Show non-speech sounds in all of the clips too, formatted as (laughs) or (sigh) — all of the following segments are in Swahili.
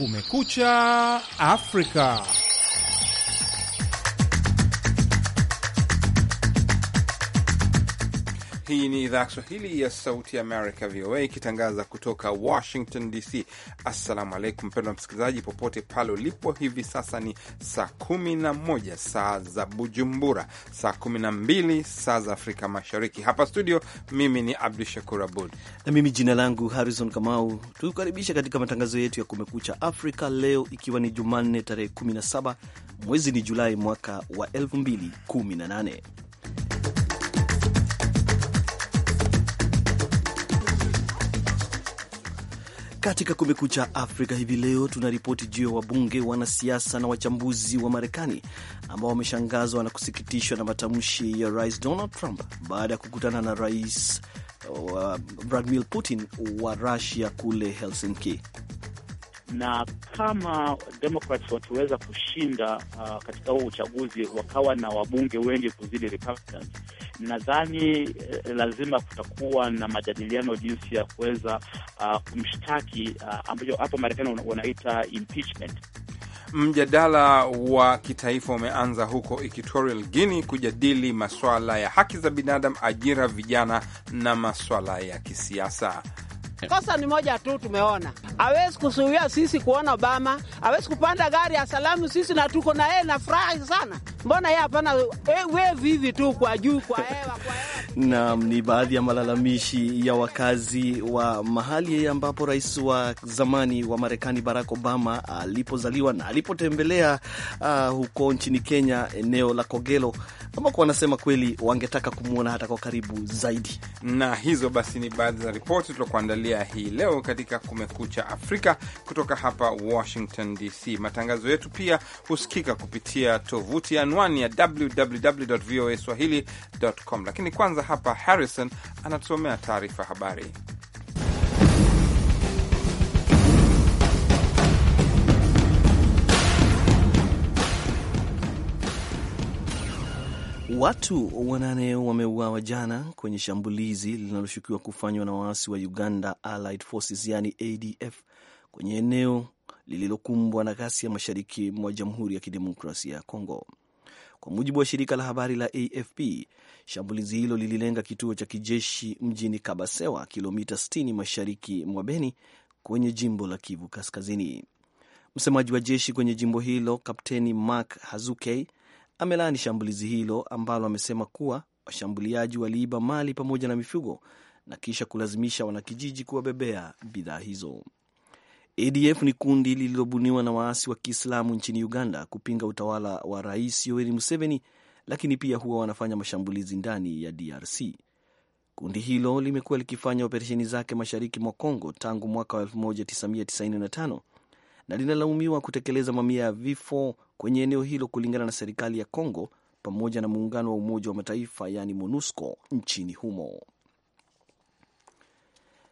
Kumekucha Afrika. Hii ni idhaa ya Kiswahili ya Sauti ya Amerika, VOA, ikitangaza kutoka Washington DC. Assalamu alaikum, mpendwa msikilizaji, popote pale ulipo. Hivi sasa ni saa 11 saa za Bujumbura, saa 12 saa za Afrika Mashariki. Hapa studio, mimi ni Abdu Shakur Abud na mimi jina langu Harrison Kamau. Tukukaribisha katika matangazo yetu ya Kumekucha Afrika leo, ikiwa ni Jumanne tarehe 17 mwezi ni Julai mwaka wa 2018. Katika Kumekucha Afrika hivi leo tuna ripoti juu ya wabunge, wanasiasa na wachambuzi wa Marekani ambao wameshangazwa na kusikitishwa na matamshi ya Rais Donald Trump baada ya kukutana na Rais uh, Vladimir Putin wa rusia kule Helsinki na kama Democrats watuweza kushinda uh, katika huo uchaguzi wakawa na wabunge wengi kuzidi Republicans, nadhani eh, lazima kutakuwa na majadiliano jinsi ya kuweza uh, kumshtaki uh, ambayo hapa Marekani wanaita impeachment. Mjadala wa kitaifa umeanza huko Equatorial Guinea kujadili maswala ya haki za binadamu, ajira, vijana na maswala ya kisiasa. (laughs) Kosa ni moja tu, tumeona awezi kusuhia sisi kuona Obama, awezi kupanda gari ya salamu sisi na tuko na yeye na furahi sana. Mbona yeye hapana? Eh, We vivi tu kwa juu, kwa hewa, kwa hewa. Naam, ni baadhi ya malalamishi ya wakazi wa mahali ambapo rais wa zamani wa Marekani Barack Obama alipozaliwa na alipotembelea uh, huko nchini Kenya, eneo la Kogelo ambako wanasema kweli wangetaka kumwona hata kwa karibu zaidi. Na hizo basi ni baadhi za ripoti tulokuandalia kuendelea hii leo katika Kumekucha Afrika kutoka hapa Washington DC. Matangazo yetu pia husikika kupitia tovuti anwani ya www voa swahili com, lakini kwanza hapa Harrison anatusomea taarifa habari. Watu wanane wameuawa jana kwenye shambulizi linaloshukiwa kufanywa na waasi wa Uganda Allied Forces, yani ADF kwenye eneo lililokumbwa na ghasia mashariki mwa Jamhuri ya Kidemokrasia ya Kongo. Kwa mujibu wa shirika la habari la AFP, shambulizi hilo lililenga kituo cha kijeshi mjini Kabasewa, kilomita 60 mashariki mwa Beni kwenye jimbo la Kivu Kaskazini. Msemaji wa jeshi kwenye jimbo hilo Kapteni Mark Hazukey, amelaani shambulizi hilo ambalo amesema kuwa washambuliaji waliiba mali pamoja na mifugo na kisha kulazimisha wanakijiji kuwabebea bidhaa hizo. ADF ni kundi lililobuniwa na waasi wa Kiislamu nchini Uganda kupinga utawala wa Rais Yoweri Museveni, lakini pia huwa wanafanya mashambulizi ndani ya DRC. Kundi hilo limekuwa likifanya operesheni zake mashariki mwa Kongo tangu mwaka wa 1995 na linalaumiwa kutekeleza mamia ya vifo kwenye eneo hilo kulingana na serikali ya Congo pamoja na muungano wa Umoja wa Mataifa yaani MONUSCO nchini humo.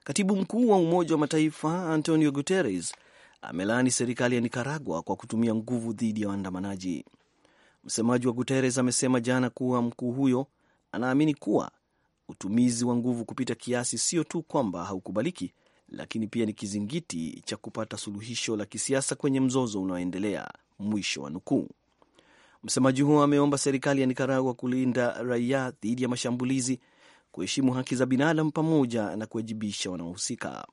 Katibu mkuu wa Umoja wa Mataifa Antonio Guterres amelaani serikali ya nikaragua kwa kutumia nguvu dhidi ya waandamanaji. Msemaji wa Guterres amesema jana kuwa mkuu huyo anaamini kuwa utumizi wa nguvu kupita kiasi sio tu kwamba haukubaliki, lakini pia ni kizingiti cha kupata suluhisho la kisiasa kwenye mzozo unaoendelea mwisho wa nukuu. Msemaji huo ameomba serikali ya Nikaragua kulinda raia dhidi ya mashambulizi, kuheshimu haki za binadamu pamoja na kuwajibisha wanaohusika.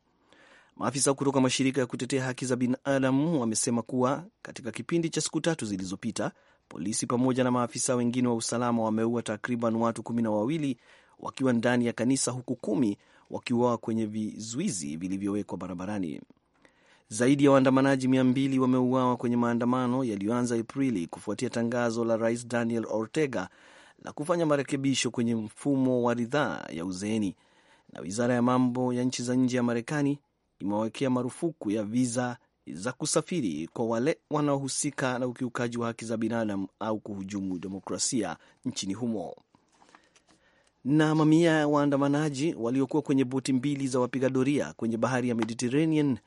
Maafisa kutoka mashirika ya kutetea haki za binadamu wamesema kuwa katika kipindi cha siku tatu zilizopita, polisi pamoja na maafisa wengine wa usalama wameua takriban watu kumi na wawili wakiwa ndani ya kanisa, huku kumi wakiuawa kwenye vizuizi vilivyowekwa barabarani. Zaidi ya waandamanaji mia mbili wameuawa kwenye maandamano yaliyoanza Aprili kufuatia tangazo la rais Daniel Ortega la kufanya marekebisho kwenye mfumo wa ridhaa ya uzeeni. Na wizara ya mambo ya nchi za nje ya Marekani imewawekea marufuku ya viza za kusafiri kwa wale wanaohusika na ukiukaji wa haki za binadamu au kuhujumu demokrasia nchini humo. Na mamia ya waandamanaji waliokuwa kwenye boti mbili za wapiga doria kwenye bahari ya Mediterranean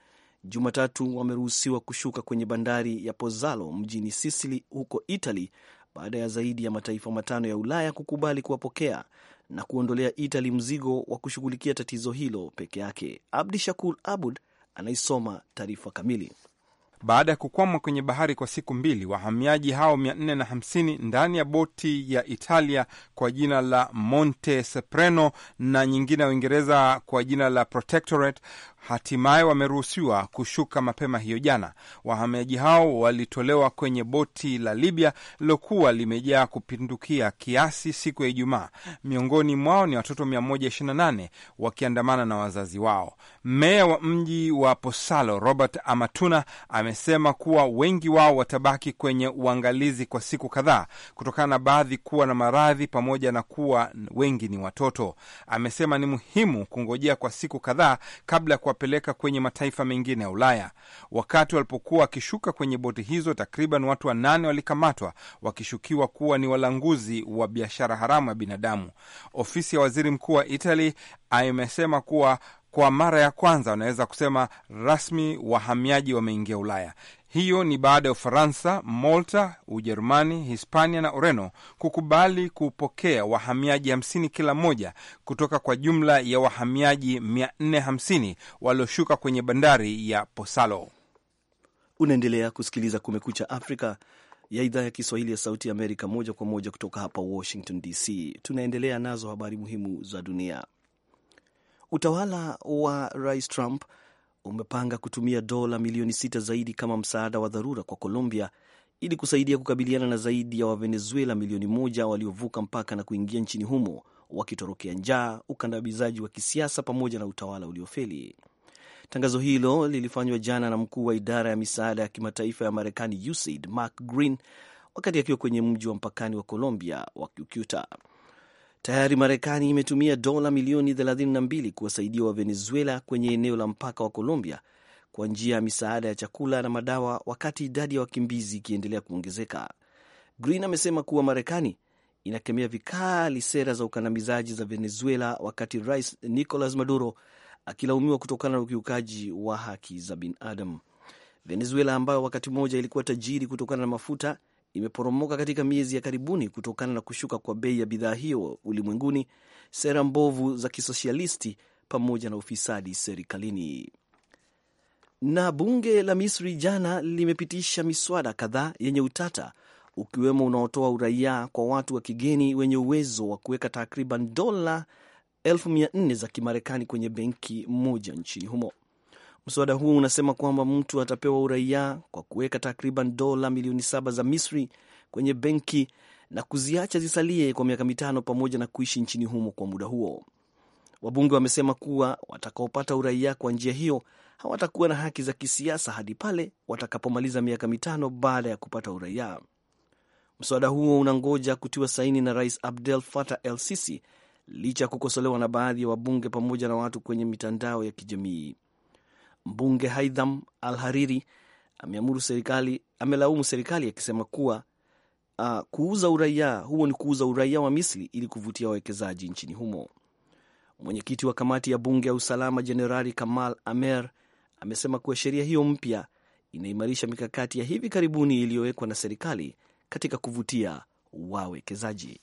Jumatatu wameruhusiwa kushuka kwenye bandari ya Pozzallo mjini Sisili huko Italy baada ya zaidi ya mataifa matano ya Ulaya kukubali kuwapokea na kuondolea Italy mzigo wa kushughulikia tatizo hilo peke yake. Abdi Shakur Abud anaisoma taarifa kamili. Baada ya kukwama kwenye bahari kwa siku mbili, wahamiaji hao 450 ndani ya boti ya Italia kwa jina la Monte Sepreno na nyingine ya Uingereza kwa jina la Protectorate hatimaye wameruhusiwa kushuka mapema hiyo jana. Wahamiaji hao walitolewa kwenye boti la Libya lilokuwa limejaa kupindukia kiasi siku ya Ijumaa. Miongoni mwao ni watoto 128 wakiandamana na wazazi wao. Meya wa mji wa Posalo Robert Amatuna amesema kuwa wengi wao watabaki kwenye uangalizi kwa siku kadhaa kutokana na baadhi kuwa na maradhi pamoja na kuwa wengi ni watoto. Amesema ni muhimu kungojea kwa siku kadhaa kabla ya kuwapeleka kwenye mataifa mengine ya Ulaya. Wakati walipokuwa wakishuka kwenye boti hizo, takriban watu wanane walikamatwa wakishukiwa kuwa ni walanguzi wa biashara haramu ya binadamu. Ofisi ya waziri mkuu wa itali imesema kuwa kwa mara ya kwanza wanaweza kusema rasmi wahamiaji wameingia Ulaya. Hiyo ni baada ya Ufaransa, Malta, Ujerumani, Hispania na Ureno kukubali kupokea wahamiaji 50 kila moja kutoka kwa jumla ya wahamiaji 450 walioshuka kwenye bandari ya Posalo. Unaendelea kusikiliza Kumekucha Afrika ya idhaa ya Kiswahili ya Sauti ya Amerika, moja kwa moja kutoka hapa Washington DC. Tunaendelea nazo habari muhimu za dunia. Utawala wa Rais Trump umepanga kutumia dola milioni sita zaidi kama msaada wa dharura kwa Colombia ili kusaidia kukabiliana na zaidi ya Wavenezuela milioni moja waliovuka mpaka na kuingia nchini humo wakitorokea njaa, ukandamizaji wa kisiasa pamoja na utawala uliofeli. Tangazo hilo lilifanywa jana na mkuu wa idara ya misaada ya kimataifa ya Marekani USAID Mark Green wakati akiwa kwenye mji wa mpakani wa Colombia wa Cucuta. Tayari Marekani imetumia dola milioni 32 kuwasaidia wa Venezuela kwenye eneo la mpaka wa Colombia kwa njia ya misaada ya chakula na madawa, wakati idadi ya wakimbizi ikiendelea kuongezeka. Green amesema kuwa Marekani inakemea vikali sera za ukandamizaji za Venezuela, wakati Rais Nicolas Maduro akilaumiwa kutokana na ukiukaji wa haki za binadamu. Venezuela ambayo wakati mmoja ilikuwa tajiri kutokana na mafuta imeporomoka katika miezi ya karibuni kutokana na kushuka kwa bei ya bidhaa hiyo ulimwenguni, sera mbovu za kisosialisti pamoja na ufisadi serikalini. Na bunge la Misri jana limepitisha miswada kadhaa yenye utata, ukiwemo unaotoa uraia kwa watu wa kigeni wenye uwezo wa kuweka takriban dola 4 za Kimarekani kwenye benki moja nchini humo. Mswada huo unasema kwamba mtu atapewa uraia kwa kuweka takriban dola milioni saba za Misri kwenye benki na kuziacha zisalie kwa miaka mitano pamoja na kuishi nchini humo kwa muda huo. Wabunge wamesema kuwa watakaopata uraia kwa njia hiyo hawatakuwa na haki za kisiasa hadi pale watakapomaliza miaka mitano baada ya kupata uraia. Mswada huo unangoja kutiwa saini na Rais Abdel Fattah El Sisi licha ya kukosolewa na baadhi ya wabunge pamoja na watu kwenye mitandao ya kijamii. Mbunge Haitham Al Hariri ameamuru serikali, amelaumu serikali akisema kuwa uh, kuuza uraia huo ni kuuza uraia wa Misri ili kuvutia wawekezaji nchini humo. Mwenyekiti wa kamati ya bunge ya usalama Jenerali Kamal Amer amesema kuwa sheria hiyo mpya inaimarisha mikakati ya hivi karibuni iliyowekwa na serikali katika kuvutia wawekezaji.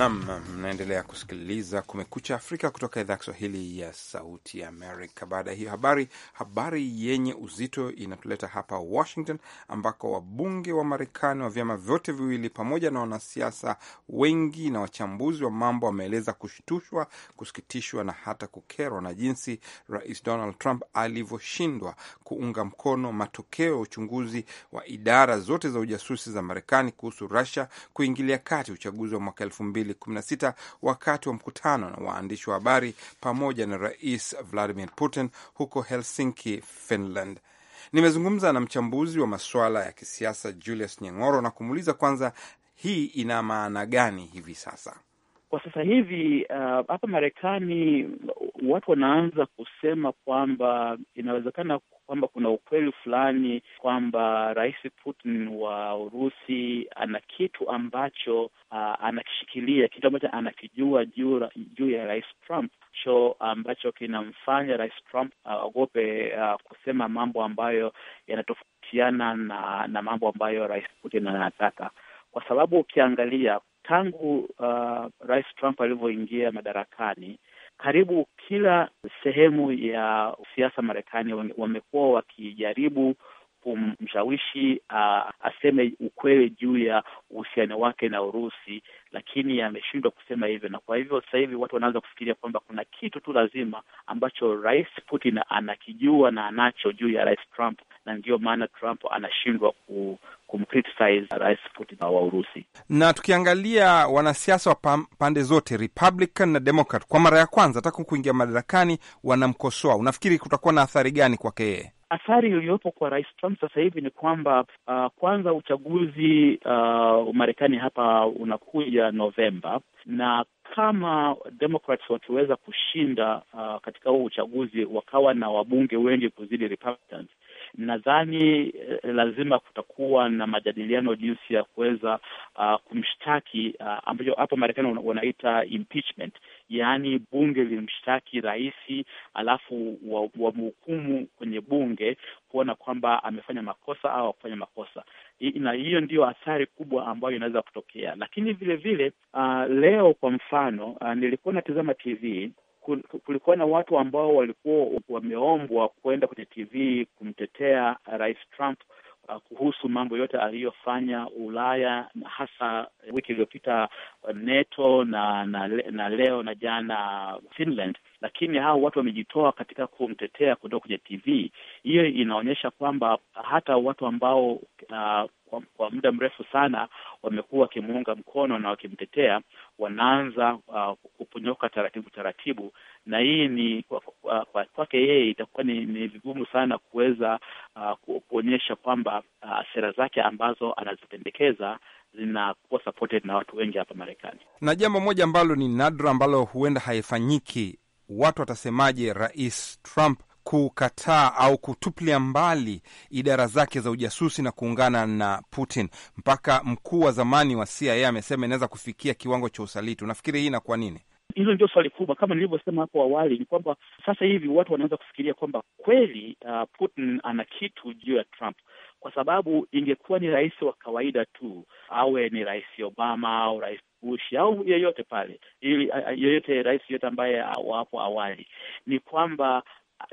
Nam, mnaendelea kusikiliza Kumekucha Afrika kutoka idhaa ya Kiswahili ya Sauti Amerika. Baada ya hiyo habari, habari yenye uzito inatuleta hapa Washington, ambako wabunge wa Marekani wa vyama vyote viwili pamoja na wanasiasa wengi na wachambuzi wa mambo wameeleza kushtushwa, kusikitishwa na hata kukerwa na jinsi Rais Donald Trump alivyoshindwa kuunga mkono matokeo ya uchunguzi wa idara zote za ujasusi za Marekani kuhusu rasia kuingilia kati uchaguzi wa mwaka elfu mbili 2016 wakati wa mkutano na waandishi wa habari pamoja na Rais Vladimir Putin huko Helsinki, Finland. Nimezungumza na mchambuzi wa masuala ya kisiasa Julius Nyang'oro na kumuuliza kwanza hii ina maana gani hivi sasa. Kwa sasa hivi uh, hapa uh, Marekani watu wanaanza kusema kwamba inawezekana kwamba kuna ukweli fulani kwamba Rais Putin wa Urusi ana kitu ambacho uh, anakishikilia, kitu ambacho anakijua juu juu ya Rais Trump cho ambacho kinamfanya Rais Trump uh, aogope uh, uh, kusema mambo ambayo yanatofautiana na, na mambo ambayo Rais Putin anataka kwa sababu ukiangalia tangu uh, Rais Trump alivyoingia madarakani, karibu kila sehemu ya siasa Marekani wamekuwa wakijaribu kumshawishi uh, aseme ukweli juu ya uhusiano wake na Urusi, lakini ameshindwa kusema hivyo, na kwa hivyo sasa hivi watu wanaanza kufikiria kwamba kuna kitu tu lazima ambacho Rais Putin anakijua na anacho juu ya Rais Trump, na ndiyo maana Trump anashindwa kumcriticize Rais Putin wa Urusi. Na tukiangalia wanasiasa wa pande zote Republican na Democrat, kwa mara ya kwanza tangu kuingia madarakani wanamkosoa, unafikiri kutakuwa na athari gani kwake yeye? Athari iliyopo kwa Rais Trump sasa hivi ni kwamba uh, kwanza uchaguzi uh, Marekani hapa unakuja Novemba, na kama Democrats wakiweza kushinda uh, katika huu uchaguzi wakawa na wabunge wengi kuzidi Republicans nadhani eh, lazima kutakuwa na majadiliano jinsi ya kuweza uh, kumshtaki uh, ambayo hapa Marekani wanaita impeachment, yaani bunge limshtaki rais alafu wamhukumu wa kwenye bunge kuona kwamba amefanya makosa au akufanya makosa na hiyo ndiyo athari kubwa ambayo inaweza kutokea. Lakini vile vile uh, leo kwa mfano uh, nilikuwa natizama TV kulikuwa na watu ambao walikuwa wameombwa kwenda kwenye TV kumtetea Rais Trump uh, kuhusu mambo yote aliyofanya Ulaya hasa wiki iliyopita uh, NATO na, na na leo na jana Finland, lakini hao watu wamejitoa katika kumtetea kutoka kwenye TV. Hiyo inaonyesha kwamba hata watu ambao uh, kwa, kwa muda mrefu sana wamekuwa wakimuunga mkono na wakimtetea, wanaanza uh, kuponyoka taratibu taratibu, na hii ni kwake kwa, kwa, kwa yeye itakuwa ni, ni vigumu sana kuweza uh, kuonyesha kwamba uh, sera zake ambazo anazipendekeza zinakuwa supported na watu wengi hapa Marekani. Na jambo moja ambalo ni nadra ambalo huenda haifanyiki, watu watasemaje Rais Trump kukataa au kutupilia mbali idara zake za ujasusi na kuungana na Putin. Mpaka mkuu wa zamani wa CIA amesema inaweza kufikia kiwango cha usaliti. Unafikiri hii inakuwa nini? Hilo ndio swali kubwa. Kama nilivyosema hapo awali, ni kwamba sasa hivi watu wanaanza kufikiria kwamba kweli uh, Putin ana kitu juu ya Trump, kwa sababu ingekuwa ni rais wa kawaida tu, awe ni rais Obama au rais Bush au yeyote pale, ili uh, yeyote rais yoyote ambaye uh, wapo awali, ni kwamba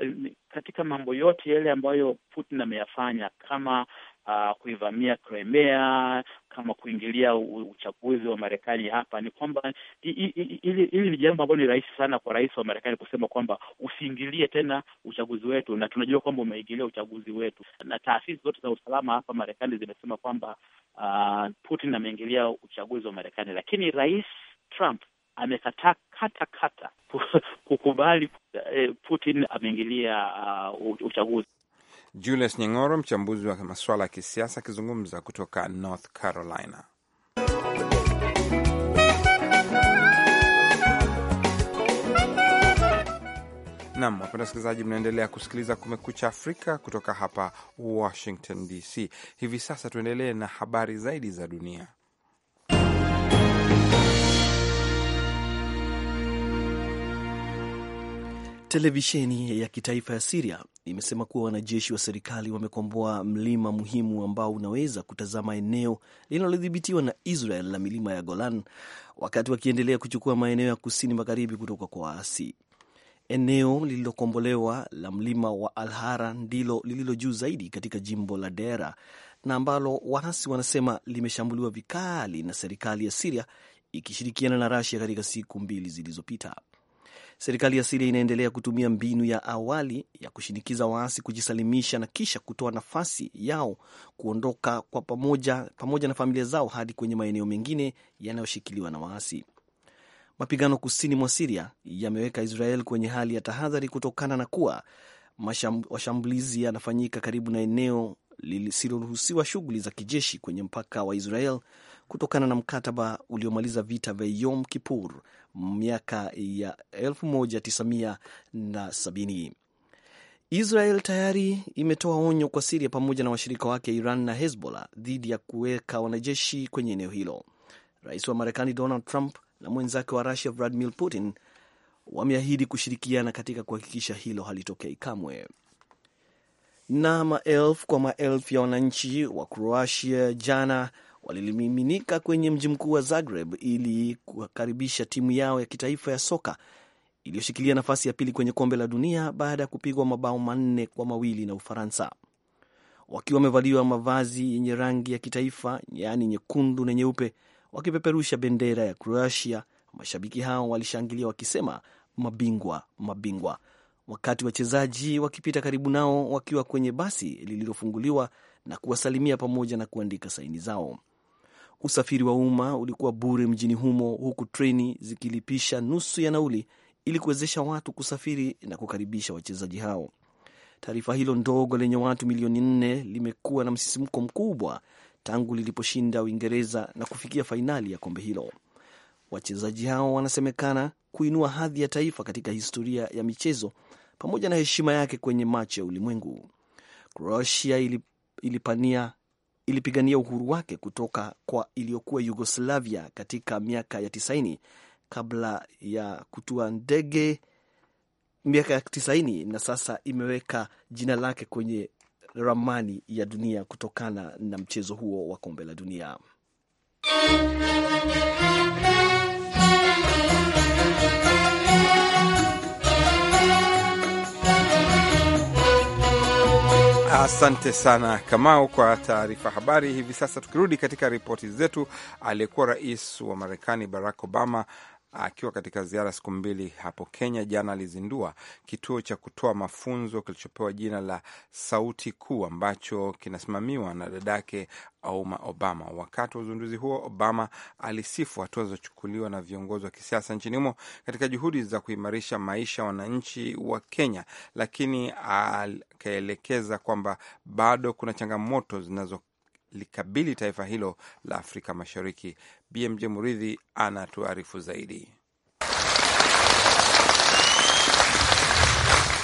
Uh, katika mambo yote yale ambayo Putin ameyafanya kama uh, kuivamia Crimea, kama kuingilia uchaguzi wa Marekani hapa, ni kwamba hili ni jambo ambalo ni rahisi sana kwa rais wa Marekani kusema kwamba usiingilie tena uchaguzi wetu, na tunajua kwamba umeingilia uchaguzi wetu, na taasisi zote za usalama hapa Marekani zimesema kwamba uh, Putin ameingilia uchaguzi wa Marekani, lakini rais Trump amekataa kata kata (laughs) kukubali eh, Putin ameingilia uh, uchaguzi. Julius Nyang'oro, mchambuzi wa masuala ya kisiasa, akizungumza kutoka North Carolina. Nam, wapenda wasikilizaji, mnaendelea kusikiliza Kumekucha Afrika kutoka hapa Washington DC. Hivi sasa tuendelee na habari zaidi za dunia. Televisheni ya kitaifa ya Siria imesema kuwa wanajeshi wa serikali wamekomboa mlima muhimu ambao unaweza kutazama eneo linalodhibitiwa na Israel la milima ya Golan, wakati wakiendelea kuchukua maeneo ya kusini magharibi kutoka kwa waasi. Eneo lililokombolewa la mlima wa Alhara ndilo lililo juu zaidi katika jimbo la Dera na ambalo waasi wanasema limeshambuliwa vikali na serikali ya Siria ikishirikiana na Rasia katika siku mbili zilizopita. Serikali ya Siria inaendelea kutumia mbinu ya awali ya kushinikiza waasi kujisalimisha na kisha kutoa nafasi yao kuondoka kwa pamoja, pamoja na familia zao hadi kwenye maeneo mengine yanayoshikiliwa na waasi. Mapigano kusini mwa Siria yameweka Israel kwenye hali ya tahadhari kutokana na kuwa mashambulizi yanafanyika karibu na eneo lisiloruhusiwa shughuli za kijeshi kwenye mpaka wa Israel kutokana na mkataba uliomaliza vita vya Yom Kippur miaka ya 1970. Israel tayari imetoa onyo kwa Siria pamoja na washirika wake Iran na Hezbollah dhidi ya kuweka wanajeshi kwenye eneo hilo. Rais wa Marekani Donald Trump na mwenzake wa Rusia Vladimir Putin wameahidi kushirikiana katika kuhakikisha hilo halitokei kamwe. Na maelfu kwa maelfu ya wananchi wa Kroatia jana walilimiminika kwenye mji mkuu wa Zagreb ili kukaribisha timu yao ya kitaifa ya soka iliyoshikilia nafasi ya pili kwenye kombe la dunia baada ya kupigwa mabao manne kwa mawili na Ufaransa. Wakiwa wamevaliwa mavazi yenye rangi ya kitaifa, yaani nyekundu na nyeupe, wakipeperusha bendera ya Croatia, mashabiki hao walishangilia wakisema, mabingwa, mabingwa, wakati wachezaji wakipita karibu nao wakiwa kwenye basi lililofunguliwa na kuwasalimia pamoja na kuandika saini zao usafiri wa umma ulikuwa bure mjini humo, huku treni zikilipisha nusu ya nauli ili kuwezesha watu kusafiri na kukaribisha wachezaji hao. Taifa hilo ndogo lenye watu milioni nne limekuwa na msisimko mkubwa tangu liliposhinda Uingereza na kufikia fainali ya kombe hilo. Wachezaji hao wanasemekana kuinua hadhi ya taifa katika historia ya michezo pamoja na heshima yake kwenye macho ya ulimwengu. Croatia ilipania ilipigania uhuru wake kutoka kwa iliyokuwa Yugoslavia katika miaka ya 90 kabla ya kutua ndege miaka ya tisaini, na sasa imeweka jina lake kwenye ramani ya dunia kutokana na mchezo huo wa kombe la dunia. Asante sana Kamau kwa taarifa habari. Hivi sasa tukirudi katika ripoti zetu, aliyekuwa rais wa Marekani Barack Obama Akiwa katika ziara siku mbili hapo Kenya, jana alizindua kituo cha kutoa mafunzo kilichopewa jina la Sauti Kuu ambacho kinasimamiwa na dadake Auma Obama. Wakati wa uzinduzi huo, Obama alisifu hatua zilizochukuliwa na viongozi wa kisiasa nchini humo katika juhudi za kuimarisha maisha ya wananchi wa Kenya, lakini akaelekeza kwamba bado kuna changamoto zinazo likabili taifa hilo la Afrika Mashariki. BMJ Muridhi anatuarifu zaidi.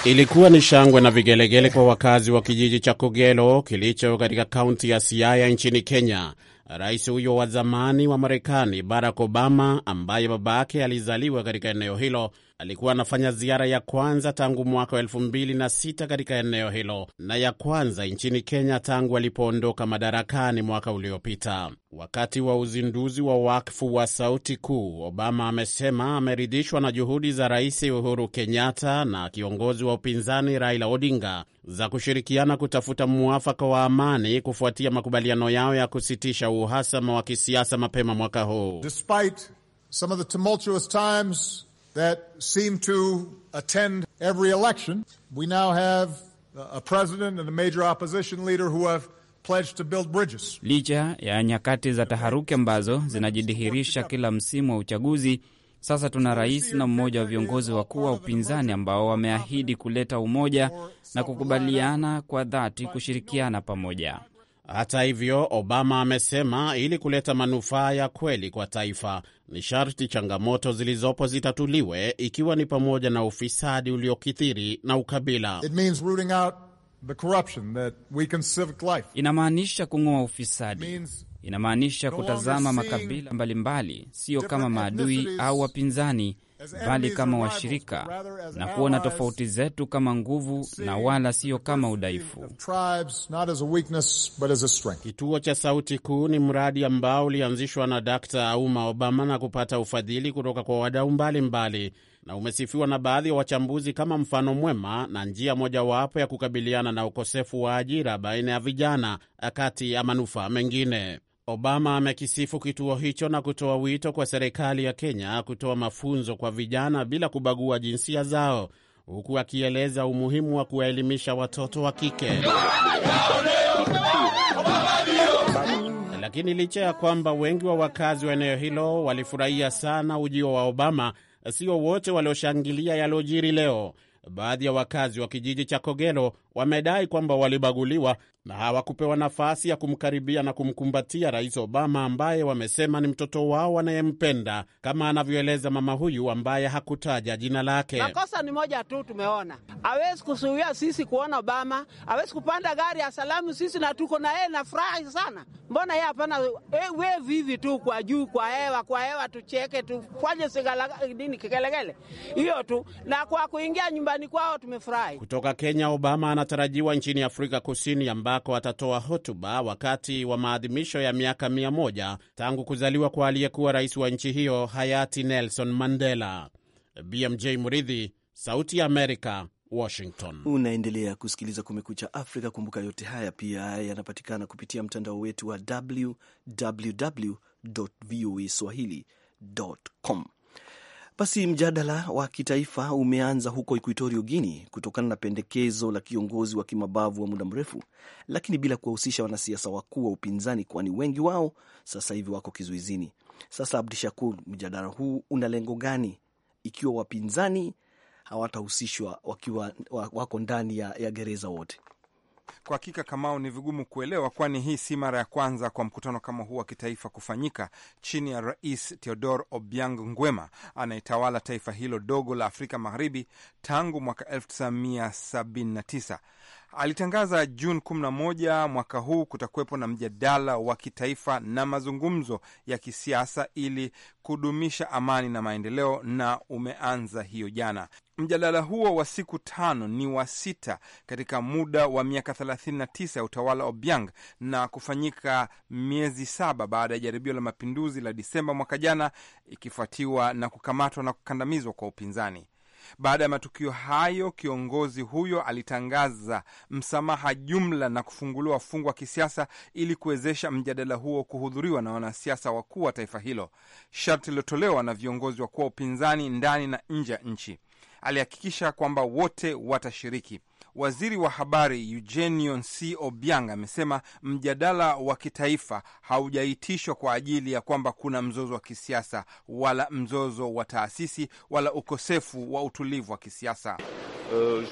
Ilikuwa ni shangwe na vigelegele kwa wakazi wa kijiji cha Kogelo kilicho katika kaunti ya Siaya nchini Kenya. Rais huyo wa zamani wa Marekani Barack Obama, ambaye baba yake alizaliwa katika eneo hilo, alikuwa anafanya ziara ya kwanza tangu mwaka wa 26 katika eneo hilo na ya kwanza nchini Kenya tangu alipoondoka madarakani mwaka uliopita. Wakati wa uzinduzi wa wakfu wa Sauti Kuu, Obama amesema ameridhishwa na juhudi za Rais Uhuru Kenyatta na kiongozi wa upinzani Raila Odinga za kushirikiana kutafuta mwafaka wa amani kufuatia makubaliano yao ya kusitisha uhasama wa kisiasa mapema mwaka huu. Despite some of the tumultuous times that seem to attend every election. We now have a president and a major opposition leader who have pledged to build bridges. Licha ya nyakati za taharuki ambazo zinajidhihirisha kila msimu wa uchaguzi, sasa tuna rais na mmoja wa viongozi wakuu wa upinzani ambao wameahidi kuleta umoja na kukubaliana kwa dhati kushirikiana pamoja. Hata hivyo, Obama amesema ili kuleta manufaa ya kweli kwa taifa ni sharti changamoto zilizopo zitatuliwe, ikiwa ni pamoja na ufisadi uliokithiri na ukabila. It means rooting out the corruption that weakens civic life. Inamaanisha kung'oa ufisadi, inamaanisha kutazama makabila mbalimbali, siyo kama maadui au wapinzani bali kama washirika na kuona tofauti zetu kama nguvu na wala siyo kama udhaifu. Kituo cha Sauti Kuu ni mradi ambao ulianzishwa na Dkt. Auma Obama na kupata ufadhili kutoka kwa wadau mbalimbali na umesifiwa na baadhi ya wa wachambuzi kama mfano mwema na njia mojawapo ya kukabiliana na ukosefu wa ajira baina ya vijana, kati ya manufaa mengine. Obama amekisifu kituo hicho na kutoa wito kwa serikali ya Kenya kutoa mafunzo kwa vijana bila kubagua jinsia zao, huku akieleza umuhimu wa kuwaelimisha watoto wa kike. Lakini licha ya kwamba wengi wa wakazi wa eneo hilo walifurahia sana ujio wa Obama, sio wote walioshangilia yaliojiri leo. Baadhi ya wakazi wa kijiji cha Kogelo wamedai kwamba walibaguliwa na hawakupewa nafasi ya kumkaribia na kumkumbatia Rais Obama ambaye wamesema ni mtoto wao wanayempenda, kama anavyoeleza mama huyu ambaye hakutaja jina lake. Makosa ni moja tu, tumeona awezi kusuhia sisi kuona Obama, awezi kupanda gari ya salamu sisi na tuko na yeye na furahi sana. Mbona yeye hapana? Eh, We vivi tu kwa juu, kwa hewa, kwa hewa tucheke, tufanye nini, kikelegele hiyo tu, na kwa kuingia nyumbani kwao tumefurahi. Kutoka Kenya, Obama ana anatarajiwa nchini Afrika Kusini ambako atatoa hotuba wakati wa maadhimisho ya miaka mia moja tangu kuzaliwa kwa aliyekuwa rais wa nchi hiyo hayati Nelson Mandela. BMJ Muridhi, Sauti ya Amerika, Washington. Unaendelea kusikiliza Kumekucha Afrika. Kumbuka yote haya pia yanapatikana kupitia mtandao wetu wa www voa e swahili com. Basi mjadala wa kitaifa umeanza huko Equatorio Guini kutokana na pendekezo la kiongozi wa kimabavu wa muda mrefu, lakini bila kuwahusisha wanasiasa wakuu wa upinzani, kwani wengi wao sasa hivi wako kizuizini. Sasa Abdi Shakur, mjadala huu una lengo gani ikiwa wapinzani hawatahusishwa wakiwa wako ndani ya, ya gereza wote? Kwa hakika Kamao, ni vigumu kuelewa, kwani hii si mara ya kwanza kwa mkutano kama huu wa kitaifa kufanyika chini ya Rais Teodor Obiang Nguema anayetawala taifa hilo dogo la Afrika Magharibi tangu mwaka 1979. Alitangaza Juni 11 mwaka huu kutakuwepo na mjadala wa kitaifa na mazungumzo ya kisiasa ili kudumisha amani na maendeleo, na umeanza hiyo jana. Mjadala huo wa siku tano ni wa sita katika muda wa miaka 39 ya utawala wa Obiang na kufanyika miezi saba baada ya jaribio la mapinduzi la Disemba mwaka jana, ikifuatiwa na kukamatwa na kukandamizwa kwa upinzani. Baada ya matukio hayo, kiongozi huyo alitangaza msamaha jumla na kufunguliwa wafungwa wa kisiasa ili kuwezesha mjadala huo kuhudhuriwa na wanasiasa wakuu wa taifa hilo, sharti iliotolewa na viongozi wakuu wa upinzani ndani na nje ya nchi alihakikisha kwamba wote watashiriki. Waziri wa habari Eugenion C Obiang amesema mjadala wa kitaifa haujaitishwa kwa ajili ya kwamba kuna mzozo wa kisiasa wala mzozo wa taasisi wala ukosefu wa utulivu wa kisiasa. Euh,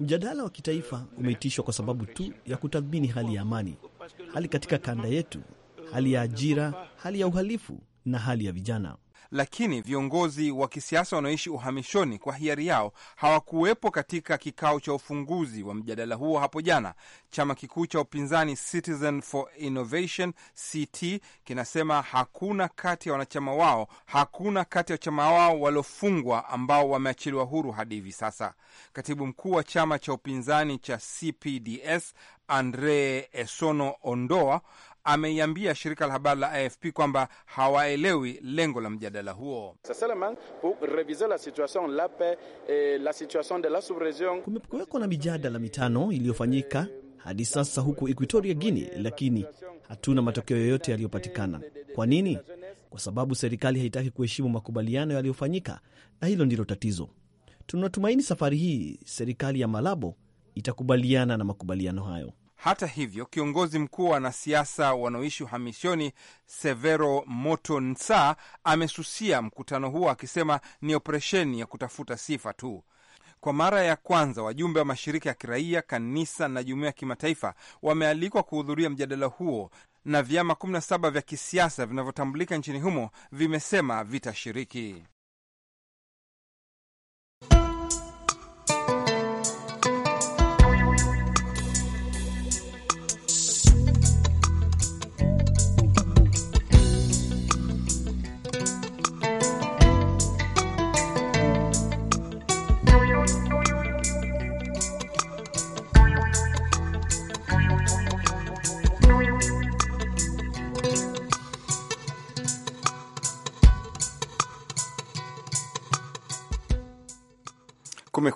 mjadala wa kitaifa umeitishwa kwa sababu tu ya kutathmini hali ya amani, hali katika kanda yetu, hali ya ajira, hali ya uhalifu na hali ya vijana lakini viongozi wa kisiasa wanaoishi uhamishoni kwa hiari yao hawakuwepo katika kikao cha ufunguzi wa mjadala huo hapo jana. Chama kikuu cha upinzani Citizen for Innovation CT kinasema hakuna kati ya wanachama wao, hakuna kati ya wachama wao waliofungwa ambao wameachiliwa huru hadi hivi sasa. Katibu mkuu wa chama cha upinzani cha CPDS Andre Esono Ondoa ameiambia shirika la habari la AFP kwamba hawaelewi lengo la mjadala huo. Kumekuweko na mijadala mitano iliyofanyika hadi sasa huku Equatoria Guinea, lakini hatuna matokeo yoyote yaliyopatikana. Kwa nini? Kwa sababu serikali haitaki kuheshimu makubaliano yaliyofanyika, na hilo ndilo tatizo. Tunatumaini safari hii serikali ya Malabo itakubaliana na makubaliano hayo. Hata hivyo, kiongozi mkuu wa wanasiasa wanaoishi uhamishoni Severo Moto Nsa amesusia mkutano huo akisema ni operesheni ya kutafuta sifa tu. Kwa mara ya kwanza wajumbe wa mashirika ya kiraia, kanisa na jumuiya ya kimataifa wamealikwa kuhudhuria mjadala huo, na vyama 17 vya kisiasa vinavyotambulika nchini humo vimesema vitashiriki.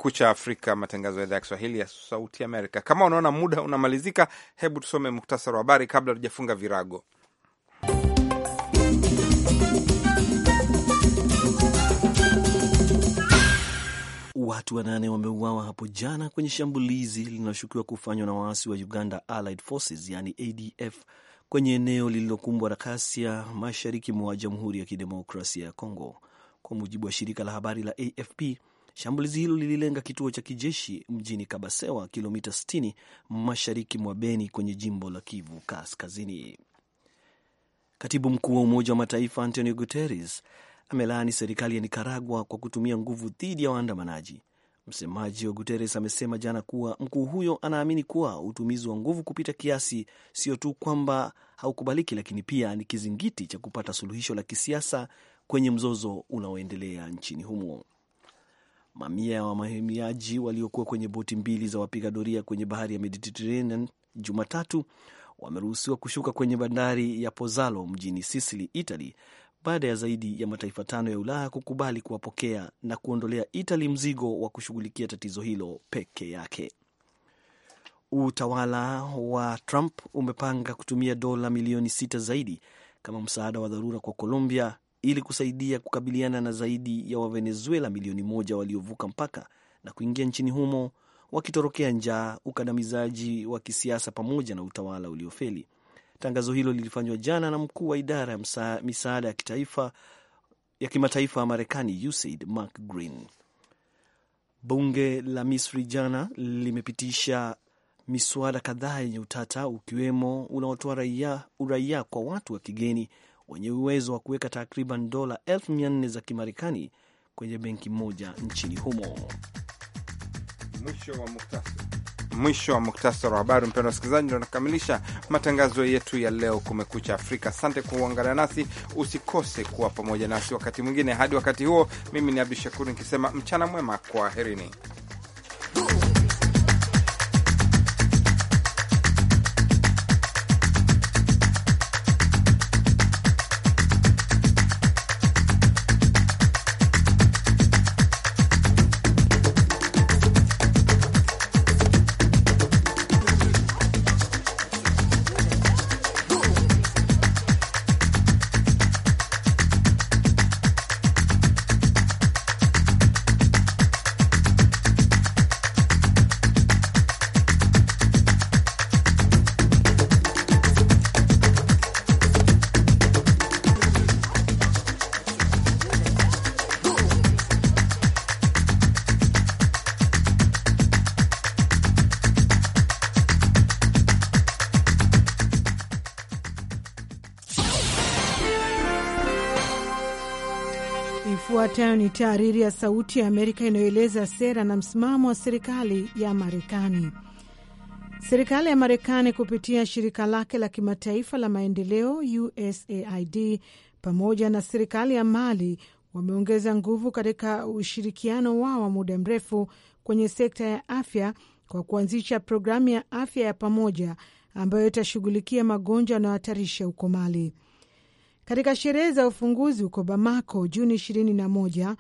Kumekucha Afrika, matangazo ya idhaa ya Kiswahili ya Sauti Amerika. Kama unaona muda unamalizika, hebu tusome muktasari wa habari kabla hatujafunga virago. Watu wanane wameuawa hapo jana kwenye shambulizi linaloshukiwa kufanywa na waasi wa Uganda Allied Forces, yani ADF kwenye eneo lililokumbwa na ghasia mashariki mwa Jamhuri ya Kidemokrasia ya Kongo, kwa mujibu wa shirika la habari la AFP. Shambulizi hilo lililenga kituo cha kijeshi mjini Kabasewa, kilomita 60 mashariki mwa Beni kwenye jimbo la Kivu Kaskazini. Katibu mkuu wa Umoja wa Mataifa Antonio Guterres amelaani serikali ya Nikaragua kwa kutumia nguvu dhidi ya waandamanaji. Msemaji wa Guterres amesema jana kuwa mkuu huyo anaamini kuwa utumizi wa nguvu kupita kiasi sio tu kwamba haukubaliki, lakini pia ni kizingiti cha kupata suluhisho la kisiasa kwenye mzozo unaoendelea nchini humo. Mamia ya wahamiaji waliokuwa kwenye boti mbili za wapiga doria kwenye bahari ya Mediterranean Jumatatu wameruhusiwa kushuka kwenye bandari ya Pozzallo mjini Sicily, Italy, baada ya zaidi ya mataifa tano ya Ulaya kukubali kuwapokea na kuondolea Italy mzigo wa kushughulikia tatizo hilo peke yake. Utawala wa Trump umepanga kutumia dola milioni sita zaidi kama msaada wa dharura kwa Colombia ili kusaidia kukabiliana na zaidi ya Wavenezuela milioni moja waliovuka mpaka na kuingia nchini humo wakitorokea njaa, ukandamizaji wa kisiasa pamoja na utawala uliofeli. Tangazo hilo lilifanywa jana na mkuu wa idara ya misaada ya kitaifa ya kimataifa ya Marekani, USAID, Mark Green. Bunge la Misri jana limepitisha miswada kadhaa yenye utata, ukiwemo unaotoa uraia kwa watu wa kigeni wenye uwezo wa kuweka takriban dola 4 za Kimarekani kwenye benki moja nchini humo. Mwisho wa muktasari wa habari. Mpendwa wasikilizaji, ndo nakamilisha matangazo yetu ya leo, Kumekucha Afrika. Asante kuungana nasi, usikose kuwa pamoja nasi wakati mwingine. Hadi wakati huo, mimi ni Abdu Shakur nikisema mchana mwema, kwaherini. tahariri ya Sauti ya Amerika inayoeleza sera na msimamo wa serikali ya Marekani. Serikali ya Marekani kupitia shirika lake la kimataifa la maendeleo USAID pamoja na serikali ya Mali wameongeza nguvu katika ushirikiano wao wa muda mrefu kwenye sekta ya afya kwa kuanzisha programu ya afya ya pamoja ambayo itashughulikia magonjwa yanayohatarisha uko Mali. Katika sherehe za ufunguzi huko Bamako Juni 21,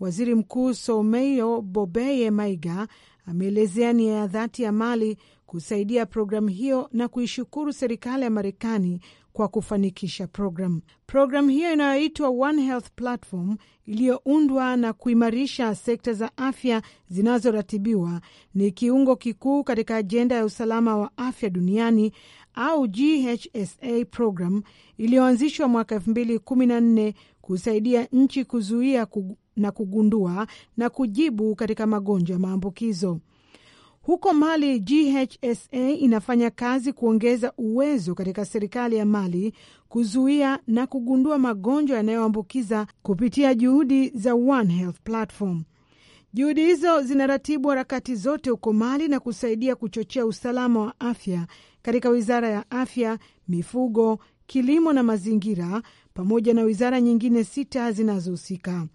waziri mkuu Soumeiro Bobeye Maiga ameelezea nia ya dhati ya Mali kusaidia programu hiyo na kuishukuru serikali ya Marekani kwa kufanikisha programu. Programu hiyo inayoitwa One Health Platform iliyoundwa na kuimarisha sekta za afya zinazoratibiwa ni kiungo kikuu katika ajenda ya usalama wa afya duniani au GHSA program iliyoanzishwa mwaka elfu mbili kumi na nne kusaidia nchi kuzuia na kugundua na kujibu katika magonjwa ya maambukizo. Huko Mali, GHSA inafanya kazi kuongeza uwezo katika serikali ya Mali kuzuia na kugundua magonjwa yanayoambukiza kupitia juhudi za One Health Platform. Juhudi hizo zinaratibu harakati zote huko Mali na kusaidia kuchochea usalama wa afya katika wizara ya afya, mifugo, kilimo na mazingira, pamoja na wizara nyingine sita zinazohusika.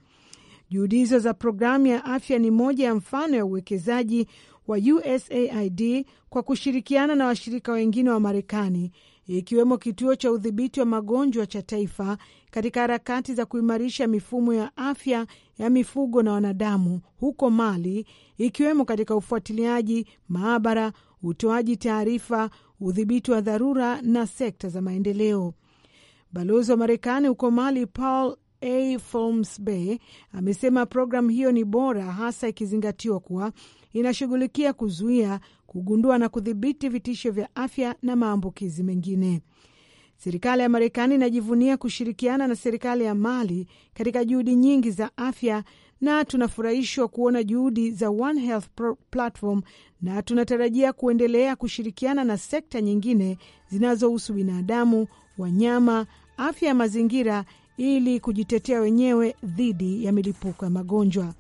Juhudi hizo za programu ya afya ni moja ya mfano ya uwekezaji wa USAID kwa kushirikiana na washirika wengine wa Marekani, ikiwemo kituo cha udhibiti wa magonjwa cha taifa katika harakati za kuimarisha mifumo ya afya ya mifugo na wanadamu huko Mali, ikiwemo katika ufuatiliaji, maabara, utoaji taarifa, udhibiti wa dharura na sekta za maendeleo. Balozi wa Marekani huko Mali Paul A Bay, amesema programu hiyo ni bora hasa ikizingatiwa kuwa inashughulikia kuzuia, kugundua na kudhibiti vitisho vya afya na maambukizi mengine. Serikali ya Marekani inajivunia kushirikiana na serikali ya Mali katika juhudi nyingi za afya na tunafurahishwa kuona juhudi za One Health Platform na tunatarajia kuendelea kushirikiana na sekta nyingine zinazohusu binadamu, wanyama, afya ya mazingira ili kujitetea wenyewe dhidi ya milipuko ya magonjwa.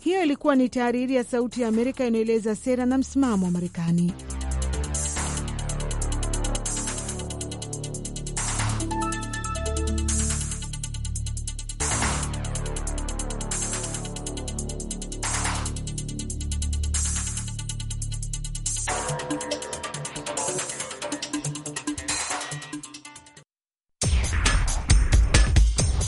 Hiyo ilikuwa ni tahariri ya Sauti ya Amerika inayoeleza sera na msimamo wa Marekani.